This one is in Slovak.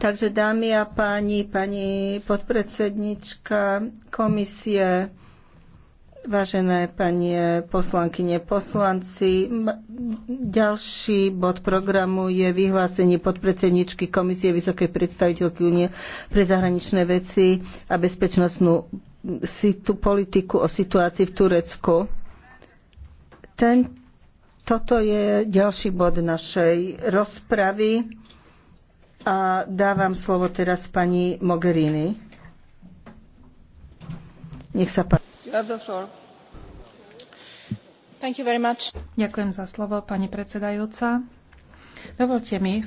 Takže dámy a páni, pani podpredsednička komisie, vážené panie poslankyne, poslanci, ďalší bod programu je vyhlásenie podpredsedničky komisie Vysokej predstaviteľky únie pre zahraničné veci a bezpečnostnú politiku o situácii v Turecku. Tento toto je ďalší bod našej rozpravy a dávam slovo teraz pani Mogherini. Nech sa páči. Ďakujem za slovo, pani predsedajúca. Dovolte mi